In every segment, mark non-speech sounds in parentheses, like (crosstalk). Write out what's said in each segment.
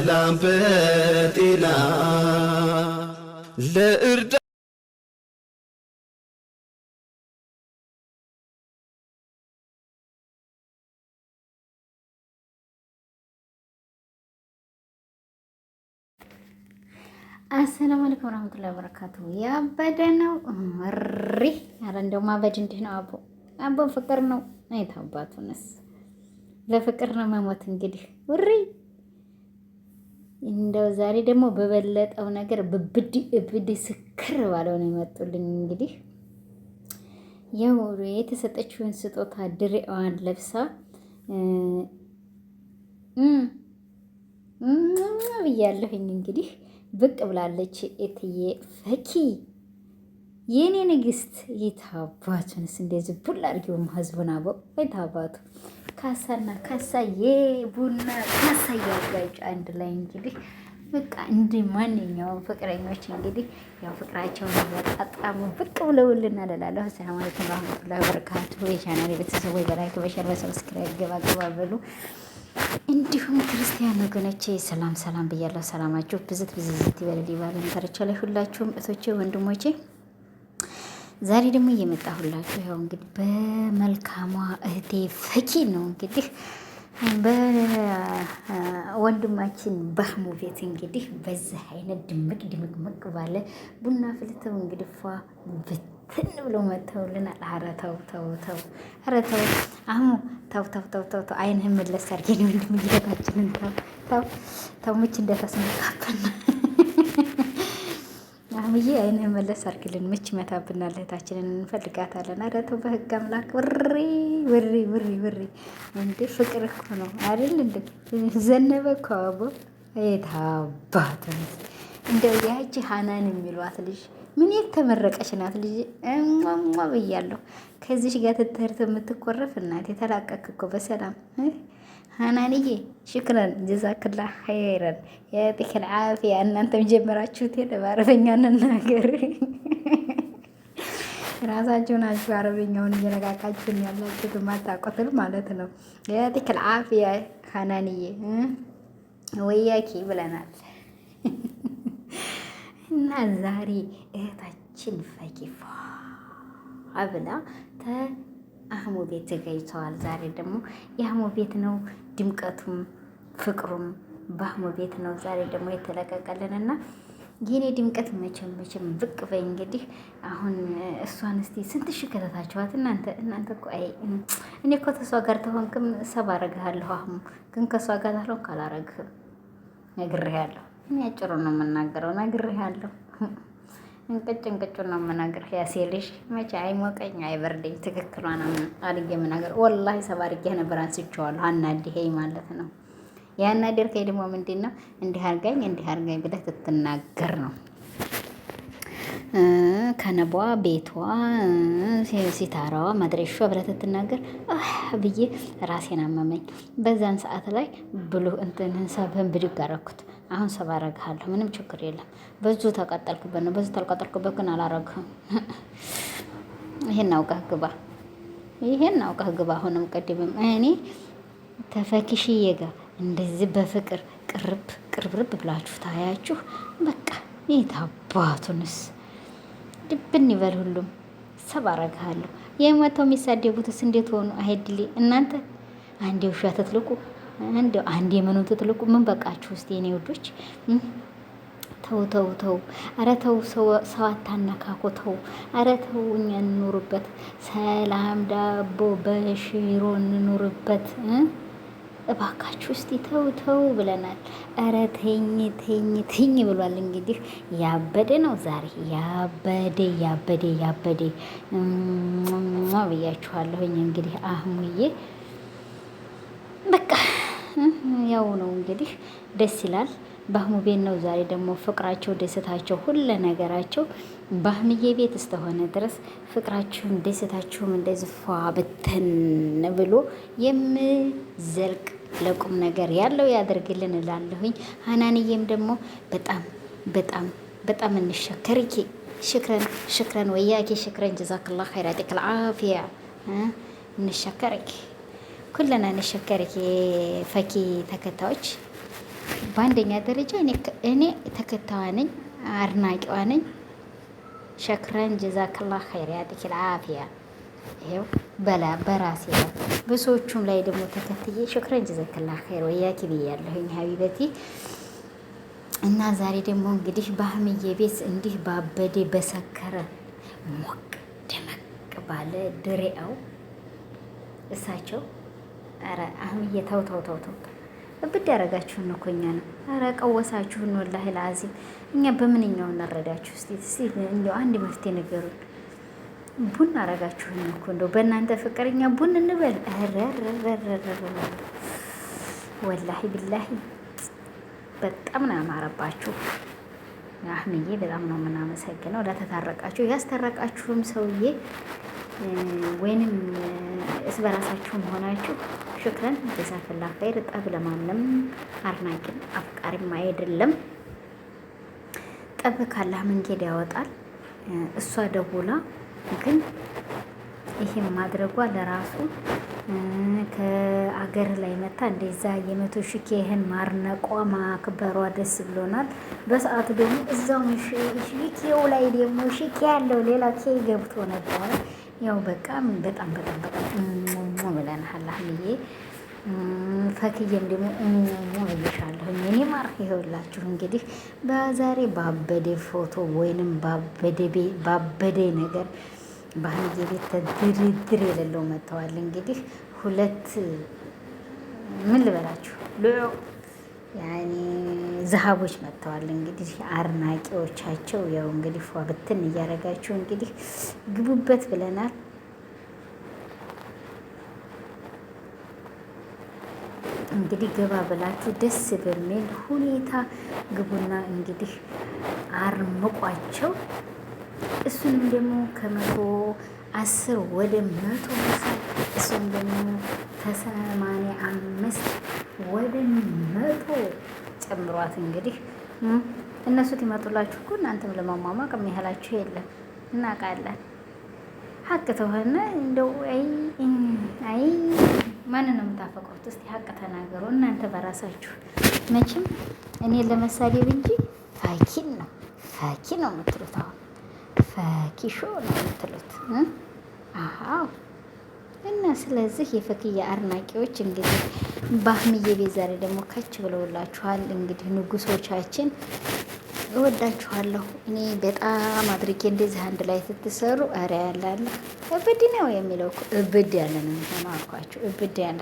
በሰላም በጤና ለእርዳ አሰላሙ አለይኩም ወራህመቱላሂ ወበረካቱ። ያበደ ነው ሪ አረ እንደው ማበድ እንዲህ ነው። አቦ አቦ ፍቅር ነው አይታባቱንስ ለፍቅር ነው መሞት እንግዲህ ውሪ እንደው ዛሬ ደግሞ በበለጠው ነገር ብብድ እብድ ስክር ባለው ነው የመጡልኝ። እንግዲህ ያው የተሰጠችውን ስጦታ ድሬዋን ለብሳ ብያለሁኝ። እንግዲህ ብቅ ብላለች እትዬ ፈኪ የእኔ ንግስት። የታባቱንስ እንደዚህ ቡላ አድርጊውም ህዝቡን አበው የታባቱ ካሳና ካሳዬ ቡና ካሳ እያጋጩ አንድ ላይ እንግዲህ በቃ እንደ ማንኛውም ፍቅረኞች እንግዲህ ያው ፍቅራቸውን ያጣጣሙ ብቅ ብለውልና እላለሁ። ሰላም አለይኩም ረህመቱላሂ ወበረካቱ። የቻናል ቤተሰቦች በላይክ በሸር በሰብስክራይብ ገባ ገባ በሉ። እንዲሁም ክርስቲያን ወገኖቼ ሰላም ሰላም ብያለሁ። ሰላማችሁ ብዝት ብዝዝት ይበልል ይባል ነገራቸው ላይ ሁላችሁም እቶቼ ወንድሞቼ፣ ዛሬ ደግሞ እየመጣሁላችሁ ያው እንግዲህ በመልካሟ እህቴ ፈኪ ነው እንግዲህ ወንድማችን ባህሙ ቤት እንግዲህ በዚህ አይነት ድምቅ ድምቅምቅ ባለ ቡና ፍልተው እንግዲህ ፏ ብትን ብሎ መጥተውልናል። ኧረ ተው ተው ተው፣ ኧረ ተው አህሙ ተው ተው ተው ተው ተው፣ አይንህን መለስ አድርጌ ወንድም እያታችንን ተው ተው ተው፣ ምች እንደተስመታበና አብዬ አይን መለስ አድርግልን። ምች መታብና እህታችንን እንፈልጋታለን። ኧረ ተው በህግ አምላክ። ውሪ ውሪ ውሪ ውሪ። እንዴ ፍቅር እኮ ነው አይደል? እንደ ዘነበ እኮ አቦ የታባት እንደው ያቺ ሀናን የሚሏት ልጅ ምን የተመረቀች ናት ልጅ እሟሟ ብያለሁ። ከዚሽ ጋር ትትህርት የምትቆረፍ እናት የተላቀክ እኮ በሰላም ሀናንዬ ሽክረን ጀዛክላ ኸይረን የጥክል ዓፊያ። እናንተም ጀመራችሁት የለም አረበኛ ራሳችሁ ናችሁ አረበኛውን እየነቃቃችሁን ያላችሁት ማታቆትል ማለት ነው። የጥክል ዓፊያ ሀናንዬ ወያኪ ብለናል እና ዛሬ እህታችን ፈኪፋ አብላ አህሙ ቤት ተገኝተዋል። ዛሬ ደግሞ የአህሙ ቤት ነው። ድምቀቱም ፍቅሩም በአህሙ ቤት ነው። ዛሬ ደግሞ የተለቀቀልን የተለቀቀልንና የኔ ድምቀት መቼም መቼም ብቅ በይ እንግዲህ አሁን እሷን እስቲ ስንት ሺ ከተታችኋት እናንተ እናንተ እኮ አይ እኔ እኮ ተሷ ጋር ተሆንክም ሰብ አረግሃለሁ። አሁን ግን ከእሷ ጋር ታለው ካላረግህም ነግሬሃለሁ። እኔ አጭሩ ነው የምናገረው። ነግሬሃለሁ እንቅጭ እንቅጩን ነው የምነግርህ። ያሴ ልጅ መቼ አይሞቀኝ አይበርደኝ ነው አድጌ የምናገር ወላሂ ሰብ አድጌህ ነበር አንስቼዋለሁ። አናድሄኝ ማለት ነው። ያናደርከኝ ደግሞ ምንድን ነው? እንዲህ አርጋኝ እንዲህ አርጋኝ ብለህ ትትናገር ነው ከነቧ ቤቷ ሲታራዋ መድረሻ ብላ ስትናገር ብዬ ራሴን አመመኝ። በዛን ሰዓት ላይ ብሎ እንትን ሰብህን ብድግ አረግኩት። አሁን ሰብ አረግሃለሁ፣ ምንም ችግር የለም። በዙ ተቀጠልክበት ነው፣ በዙ ተልቀጠልክበት ግን አላረግህም። (laughs) ይሄን አውቀህ ግባ፣ ይሄን አውቀህ ግባ። አሁንም ቅድምም እኔ ተፈኪሽዬ ጋር እንደዚህ በፍቅር ቅርብ ቅርብርብ ብላችሁ ታያችሁ። በቃ ይታባቱንስ ድብን ይበል ሁሉም ሰብ አረግሃለሁ። የመተው የሚሳደቡትስ እንዴት ሆኑ? አይድሌ እናንተ አንዴ ውሻ ትትልቁ እንደው አንዴ የምኑ ትትልቁ ምን በቃችሁ ውስጥ የኔ ውዶች። ተው ተው ተው፣ ኧረ ተው፣ ሰው አታነካኩ፣ ተው፣ ኧረ ተው፣ እኛ እንኑርበት። ሰላም ዳቦ በሽሮ እንኑርበት። እባካችሁ እስቲ ተው ተው ብለናል። ኧረ ተኝ ተኝ ተኝ ብሏል። እንግዲህ ያበደ ነው ዛሬ ያበደ ያበደ ያበደ ብያችኋለሁኝ። እንግዲህ አህሙዬ በቃ ያው ነው እንግዲህ ደስ ይላል። በአህሙ ቤት ነው ዛሬ ደግሞ ፍቅራቸው፣ ደስታቸው፣ ሁለ ነገራቸው ባህምዬ ቤት እስተሆነ ድረስ ፍቅራችሁም ደስታችሁም እንደዚህ ፏ ብትን ብሎ የምዘልቅ ለቁም ነገር ያለው ያደርግልን እላለሁኝ። ሀናንዬም ደግሞ በጣም በጣም በጣም እንሸከርኪ ሽክረን ሽክረን ወያኪ ሽክረን ጀዛክላ ኸይራ ጤክል ዓፊያ እንሸከርኪ ኩለና እንሸከርኪ ፈኪ ተከታዮች በአንደኛ ደረጃ እኔ ተከታዋ ነኝ፣ አድናቂዋ ነኝ። ሸክረን ጀዛክላ ኸይር ያጥኪ ልአፍያ ይሄው በላ በራሴ ነው። በሰዎቹም ላይ ደግሞ ተከትዬ ሸክረን ጀዛክላ ኸይር ወያኪ ብያለሁኝ ሀቢበቲ እና ዛሬ ደግሞ እንግዲህ በአህምዬ ቤት እንዲህ ባበዴ በሰከረ ሞቅ ደመቅ ባለ ድሬአው እሳቸው አህምዬ ተው ተው ተው ተው እብድ ያደረጋችሁን ነው እኮ እኛን። ኧረ ቀወሳችሁን ወላሂ ለአዚም። እኛ በምንኛው እናረዳችሁ? ስ ስ እንደው አንድ መፍትሄ ነገሩን። ቡን አረጋችሁን እኮ እንደው በእናንተ ፍቅር እኛ ቡን እንበል። ወላሂ ብላሂ በጣም ነው ያማረባችሁ። አህምዬ በጣም ነው የምናመሰግነው። ለተታረቃችሁ ያስተረቃችሁም ሰውዬ ወይንም እስ በራሳችሁም ሆናችሁ ሽክረን ጀዛከላ ኸይር። ጠብ ለማንም አድናቂም አፍቃሪም አይደለም። ጠብ ካላህ መንገድ ያወጣል። እሷ ደውላ ግን ይሄን ማድረጓ ለራሱ ከአገር ላይ መታ እንደዛ የመቶ ሺህ ኬህን ማርነቋ ማክበሯ ደስ ብሎናል። በሰዓቱ ደግሞ እዛው ሺኬው ላይ ደግሞ ሺኬ ያለው ሌላ ኬ ገብቶ ነበረ። ያው በቃ በጣም በጣም በጣም ብለናል ሀምዬ። ፈክዬም ደግሞ እሞ እልሻለሁ እኔ ማር ይኸውላችሁ እንግዲህ በዛሬ ባበደ ፎቶ ወይንም ባበደ ነገር በሀምዬ ቤት ድርድር የሌለው መጥተዋል። እንግዲህ ሁለት ምን ልበላችሁ ያኔ ዝሀቦች መጥተዋል። እንግዲህ አድናቂዎቻቸው ያው እንግዲህ ፏብትን እያደረጋችሁ እንግዲህ ግቡበት ብለናል። እንግዲህ ገባ ብላችሁ ደስ በሚል ሁኔታ ግቡና እንግዲህ አርምቋቸው እሱንም ደግሞ ከመቶ አስር ወደ መቶ እሱም ደግሞ ከሰማንያ አምስት ወደ መቶ ጨምሯት እንግዲህ እነሱ ትመጡላችሁ እኮ እናንተም ለማሟሟቅ የሚያህላችሁ የለም። እናውቃለን። ሀቅ ተሆነ እንደው አይ አይ ማንን ነው የምታፈቅሩት? እስቲ ሀቅ ተናገሩ እናንተ በራሳችሁ። መቼም እኔ ለመሳደብ እንጂ ፋኪን ነው ፋኪ ነው የምትሉት። አሁን ፋኪሾ ነው የምትሉት። አዎ። እና ስለዚህ የፈክያ አድናቂዎች እንግዲህ በአህምዬ ቤት ዛሬ ደግሞ ከች ብለውላችኋል። እንግዲህ ንጉሶቻችን እወዳችኋለሁ። እኔ በጣም አድርጌ እንደዚህ አንድ ላይ ስትሰሩ ኧረ ያላለ እብድ ነው የሚለው እብድ ያለ ነው አልኳቸው። እብድ ያለ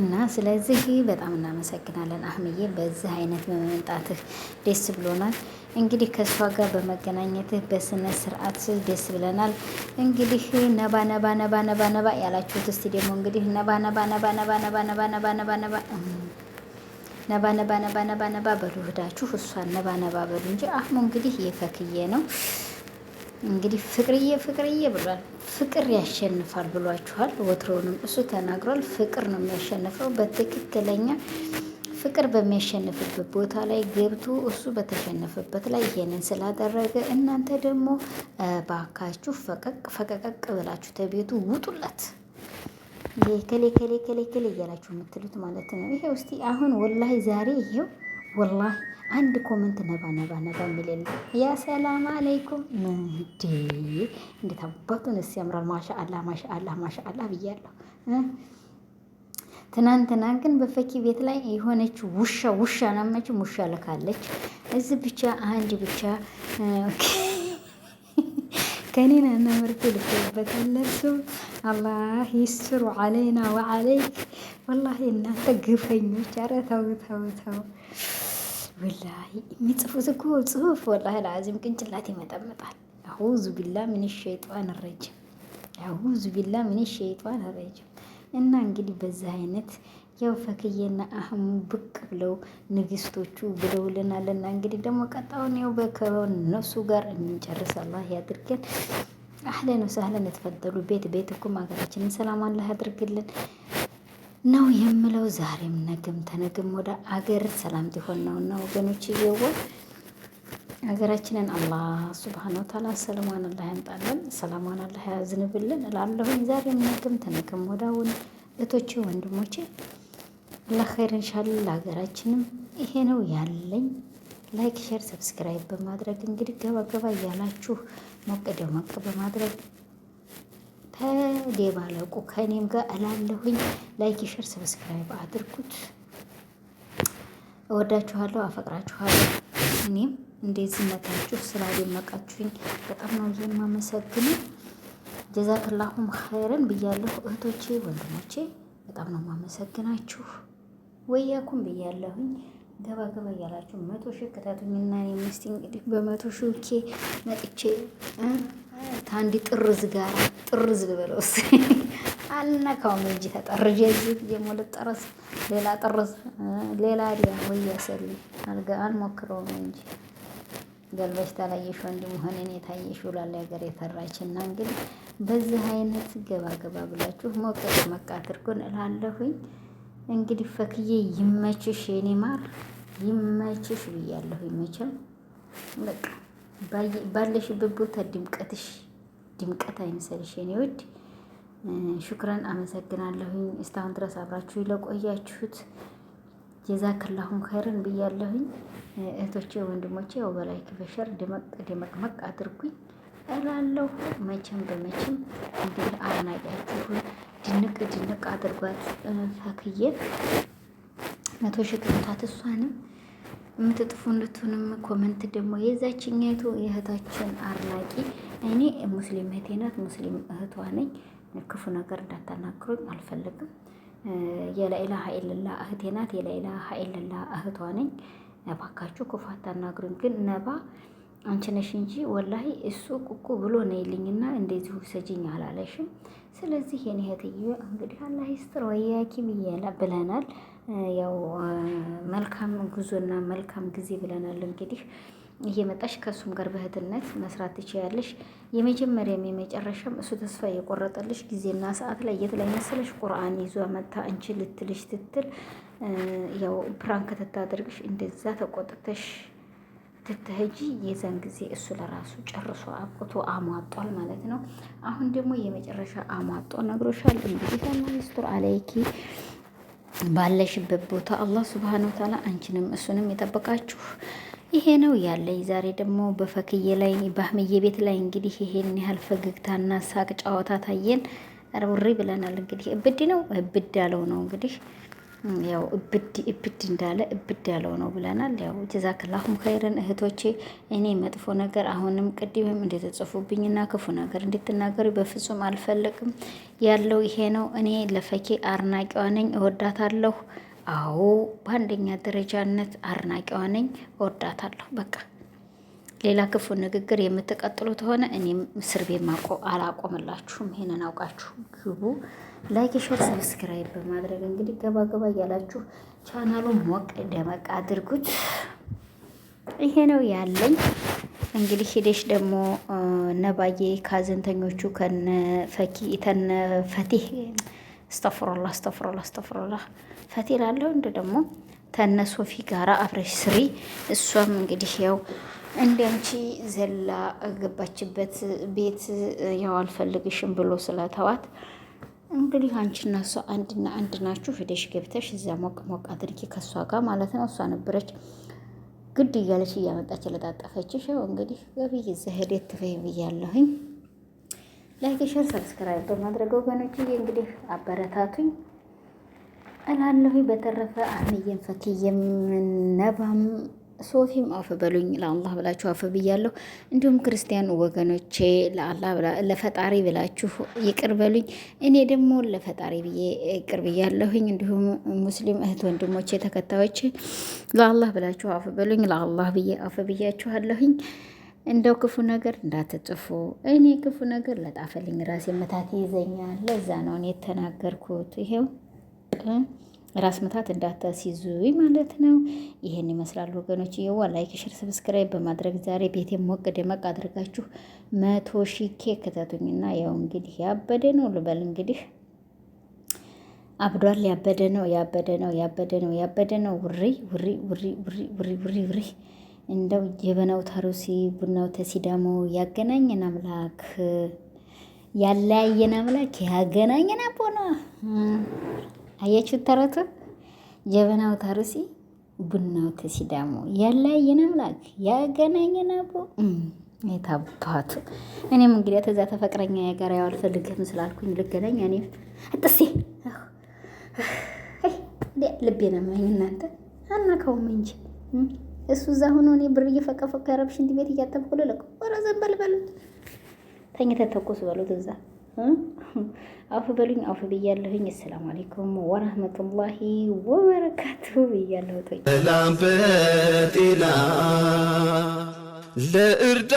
እና ስለዚህ በጣም እናመሰግናለን አህምዬ፣ በዚህ አይነት በመምጣትህ ደስ ብሎናል። እንግዲህ ከእሷ ጋር በመገናኘትህ በስነ ስርዓት ደስ ብለናል። እንግዲህ ነባ ነባ ነባ ነባ ነባ ያላችሁት እስቲ ደግሞ እንግዲህ ነባ ነባ ነባ ነባ ነባ ነባ ነባ ነባ ነባ ነባ ነባ ነባ ነባ ነባ በሉ እሷን ነባ ነባ በሉ እንጂ አህሙ እንግዲህ የፈክዬ ነው እንግዲህ ፍቅርዬ ፍቅርዬ ብሏል። ፍቅር ያሸንፋል ብሏችኋል። ወትሮውንም እሱ ተናግሯል። ፍቅር ነው የሚያሸንፈው። በትክክለኛ ፍቅር በሚያሸንፍበት ቦታ ላይ ገብቶ እሱ በተሸነፈበት ላይ ይሄንን ስላደረገ እናንተ ደግሞ ባካችሁ ፈቀቅ ፈቀቀቅ ብላችሁ ተቤቱ ውጡላት። ይሄ ከሌ ከሌ ከሌ ከሌ እያላችሁ የምትሉት ማለት ነው። ይሄ ውስቲ አሁን ወላሂ ዛሬ ይሄው ወላሂ አንድ ኮመንት ነባ ነባ ነባ የሚል የለም። ያ ሰላም አለይኩም እንዴ! እንዴት አባቱን እስ ያምራል። ማሻአላ ማሻአላ ማሻአላ ብያለሁ። ትናንትና ግን በፈኪ ቤት ላይ የሆነች ውሻ ውሻ ናመች ውሻ ልካለች። እዚህ ብቻ አንድ ብቻ ከኔን አናምርት ልኮበት አለሱ አላህ ይስሩ አለይና ወአለይክ። ወላሂ እናንተ ግፈኞች! ኧረ ተው ተው ተው ወላሂ የሚጽፉት እኮ ጽሁፍ ወላሂ ለአዚም ቅንጭላት ይመጠምጣል አሁዙ ቢላ ምን ሸይጣን ረጅም፣ አሁዙ ቢላ ምን ሸይጣን ረጅም። እና እንግዲህ በዚህ አይነት ያው ፈክዬና አህሙ ብቅ ብለው ንግስቶቹ ብለውልናልና እንግዲህ ደግሞ ቀጣውን ያው በከበውን እነሱ ጋር እንጨርስ። አላህ ያድርገን። አህለን ወሰህለን የተፈጠሉ ቤት ቤት እኮ ሀገራችንን ሰላም አላህ ያድርግልን። ነው የምለው። ዛሬም ነገም ተነግም ወደ አገር ሰላም ሊሆን ነው ወገኖች እየወ ሀገራችንን አላህ ሱብሃነሁ ወተዓላ ሰላሟን አላህ ያምጣልን፣ ሰላሟን አላህ ያዝንብልን እላለሁኝ። ዛሬም ነገም ተነግም ወዳውን እህቶቼ ወንድሞቼ አላህ ኸይር እንሻል ለሀገራችንም። ይሄ ነው ያለኝ። ላይክ ሼር ሰብስክራይብ በማድረግ እንግዲህ ገባገባ እያላችሁ ሞቅ ደመቅ በማድረግ ተደባለቁ ከእኔም ጋር እላለሁኝ። ላይክ፣ ሸር፣ ሰብስክራይብ አድርጉት። እወዳችኋለሁ፣ አፈቅራችኋለሁ። እኔም እንደዚህ መታችሁ ስላደመቃችሁኝ በጣም ነው የማመሰግነው። ጀዛክላሁም ኸይረን ብያለሁ። እህቶቼ ወንድሞቼ በጣም ነው የማመሰግናችሁ። ወያኩም ብያለሁኝ። ገባ ገባ እያላችሁ መቶ ሺህ ከታቱኝና እኔ እንግዲህ በመቶ ሺህ ኬ መጥቼ ታንዲ ጥርዝ ጋር ጥርዝ ብበለውስ አልነካውም እንጂ ተጠርዤ እዚህ የሞልጠረስ ሌላ ጥርዝ ሌላ ዲያ አልጋ አልሞክረውም እንጂ ገልበሽ ታላየሽ ወንድ ሆነን የታየሽ ውላል ሀገር የተራች እና እንግዲህ በዚህ አይነት ገባ ገባ ብላችሁ ሞቅ ደመቅ አድርጎን እላለሁኝ። እንግዲህ ፈክዬ ይመችሽ፣ የኔ ማር ይመችሽ ብያለሁ። ይመችም በቃ ባለሽበት ቦታ ድምቀትሽ ድምቀት አይምሰልሽ የኔ ውድ። ሹክረን አመሰግናለሁኝ። እስካሁን ድረስ አብራችሁ ለቆያችሁት ጀዛክላሁም ኸይርን ብያለሁኝ። እህቶቼ ወንድሞቼ፣ ወበላይ በላይክ ድመቅ ደመቅ ደመቅመቅ አድርጉኝ እላለሁ። መቼም በመቼም እንግዲህ አድናቂያችሁን ድንቅ ድንቅ አድርጓት ፈክዬ መቶ ሺህ እሷንም የምትጥፉ እንድትሆንም ኮመንት ደግሞ የዛችኛቱ የእህታችን አድናቂ እኔ ሙስሊም እህቴ ናት፣ ሙስሊም እህቷ ነኝ። ክፉ ነገር እንዳታናግሩኝ አልፈልግም። የላኢላ ሀይልላ እህቴ ናት፣ የላኢላ ሀይልላ እህቷ ነኝ። እባካችሁ ክፉ አታናግሩኝ። ግን ነባ አንቺ ነሽ እንጂ ወላሂ እሱ ቁቁ ብሎ ነው ይልኝና እንደዚሁ ሰጅኝ አላለሽም። ስለዚህ የኔ እህትዬ እንግዲህ አላህ ይስጥር ወያኪም ብለናል። ያው መልካም ጉዞና መልካም ጊዜ ብለናል። እንግዲህ እየመጣሽ ከእሱም ጋር በእህትነት መስራት ትችያለሽ። የመጀመሪያም የመጨረሻም እሱ ተስፋ የቆረጠልሽ ጊዜና ሰዓት ላይ የት ላይ መሰለሽ? ቁርአን ይዞ መታ እንች ልትልሽ ትትል ያው ፕራንክ ትታደርግሽ እንደዛ ተቆጥተሽ ትትሄጂ የዛን ጊዜ እሱ ለራሱ ጨርሶ አብቅቶ አሟጧል ማለት ነው። አሁን ደግሞ የመጨረሻ አሟጦ ነግሮሻል። እንግዲህ ለማይስቱር አለይኪ ባለሽበት ቦታ አላህ ሱብሃነሁ ወተዓላ አንቺንም እሱንም የጠበቃችሁ ይሄ ነው ያለኝ። ዛሬ ደግሞ በፈክዬ ላይ በአህምዬ ቤት ላይ እንግዲህ ይሄን ያህል ፈገግታና ሳቅ ጨዋታ ታየን። ረውሪ ብለናል። እንግዲህ እብድ ነው እብድ ያለው ነው እንግዲህ ያው እብድ እብድ እንዳለ እብድ ያለው ነው ብለናል። ያው ጀዛክላሁም ኸይረን እህቶቼ፣ እኔ መጥፎ ነገር አሁንም ቅድምም እንደተጽፉብኝና ክፉ ነገር እንድትናገሩ በፍጹም አልፈልግም። ያለው ይሄ ነው። እኔ ለፈኬ አድናቂዋ ነኝ፣ እወዳታለሁ። አዎ በአንደኛ ደረጃነት አድናቂዋ ነኝ፣ እወዳታለሁ። በቃ ሌላ ክፉ ንግግር የምትቀጥሉ ሆነ እኔም እስር ቤት አላቆምላችሁም። ይሄንን አውቃችሁ ግቡ። ላይክ፣ ሸር፣ ሰብስክራይብ በማድረግ እንግዲህ ገባ ገባ እያላችሁ ቻናሉ ሞቅ ደመቅ አድርጉት። ይሄ ነው ያለኝ። እንግዲህ ሂደሽ ደግሞ ነባዬ ከሀዘንተኞቹ ከነ ፈኪ ተነ ፈቲህ አስተፍሮላ አስተፍሮላ አስተፍሮላ ላለው እንደ ደግሞ ተነ ሶፊ ጋራ አብረሽ ስሪ። እሷም እንግዲህ ያው እንዲያንቺ ዘላ ገባችበት ቤት ያው አልፈልግሽም ብሎ ስለተዋት እንግዲህ አንቺና እሷ አንድና አንድ ናችሁ። ሂደሽ ገብተሽ እዚያ ሞቅ ሞቅ አድርጊ ከእሷ ጋር ማለት ነው። እሷ ነበረች ግድ እያለች እያመጣች ለጣጠፈችሽ። ያው እንግዲህ ገብይ እዛ ሂደት ትበይ ብያለሁኝ። ላይክ፣ ሸር፣ ሰብስክራይብ በማድረገው በነጭ እንግዲህ አበረታቱኝ እላለሁኝ። በተረፈ አህመዬም ፈክዬም ነባም ሶፊም አፍ በሉኝ ለአላህ ብላችሁ አፍ ብያለሁ። እንዲሁም ክርስቲያን ወገኖቼ ለፈጣሪ ብላችሁ ይቅር በሉኝ። እኔ ደግሞ ለፈጣሪ ብዬ ይቅር ብያለሁኝ። እንዲሁም ሙስሊም እህት ወንድሞቼ ተከታዮች ለአላህ ብላችሁ አፍ በሉኝ። ለአላህ ብዬ አፍ ብያችኋለሁኝ። እንደው ክፉ ነገር እንዳትጽፉ። እኔ ክፉ ነገር ለጣፈልኝ ራሴ መታት ይዘኛል። ለዛ ነው እኔ የተናገርኩት ይሄው ራስ ምታት እንዳታስይዙኝ ማለት ነው። ይህን ይመስላል ወገኖች። የዋ ላይክ፣ ሸር፣ ሰብስክራይብ በማድረግ ዛሬ ቤቴ ሞቅ ደመቅ አድርጋችሁ መቶ ሺህ ኬክ ክተቱኝና ያው እንግዲህ ያበደ ነው ልበል እንግዲህ አብዷል። ያበደ ነው ያበደ ነው ያበደ ነው ያበደ ነው። ውሪ ውሪ ውሪ ውሪ ውሪ ውሪ ውሪ እንደው ጀበናው ታሩሲ ቡናው ተሲዳሞ ያገናኘን አምላክ ያለያየን አምላክ ያገናኘን አቦና አያችሁት ተረቱ። ጀበናው ታርሲ ቡናው ተሲዳሞ ያለያየን አምላክ ያገናኘን አቦ የታባቱ እኔም እንግዲህ ተዛ ተፈቅረኛ የጋር ያው አልፈልግህም ስላልኩኝ ልገናኝ እኔ አጥሴ ልቤ ነማኝ እናንተ አናከውም እንጂ እሱ እዛ ሆኖ እኔ ብር እየፈቀፈቅ ያረብሽ እንዲህ ቤት እያጠብቁ ልለቅ ወረ ዘንበል በሉት ተኝተተኮስ በሉት እዛ አፍ በሉኝ አፍ ብያለሁኝ። አሰላሙ አለይኩም ወራህመቱላሂ ወበረካቱ ብያለሁ። ጤና ለእርዳ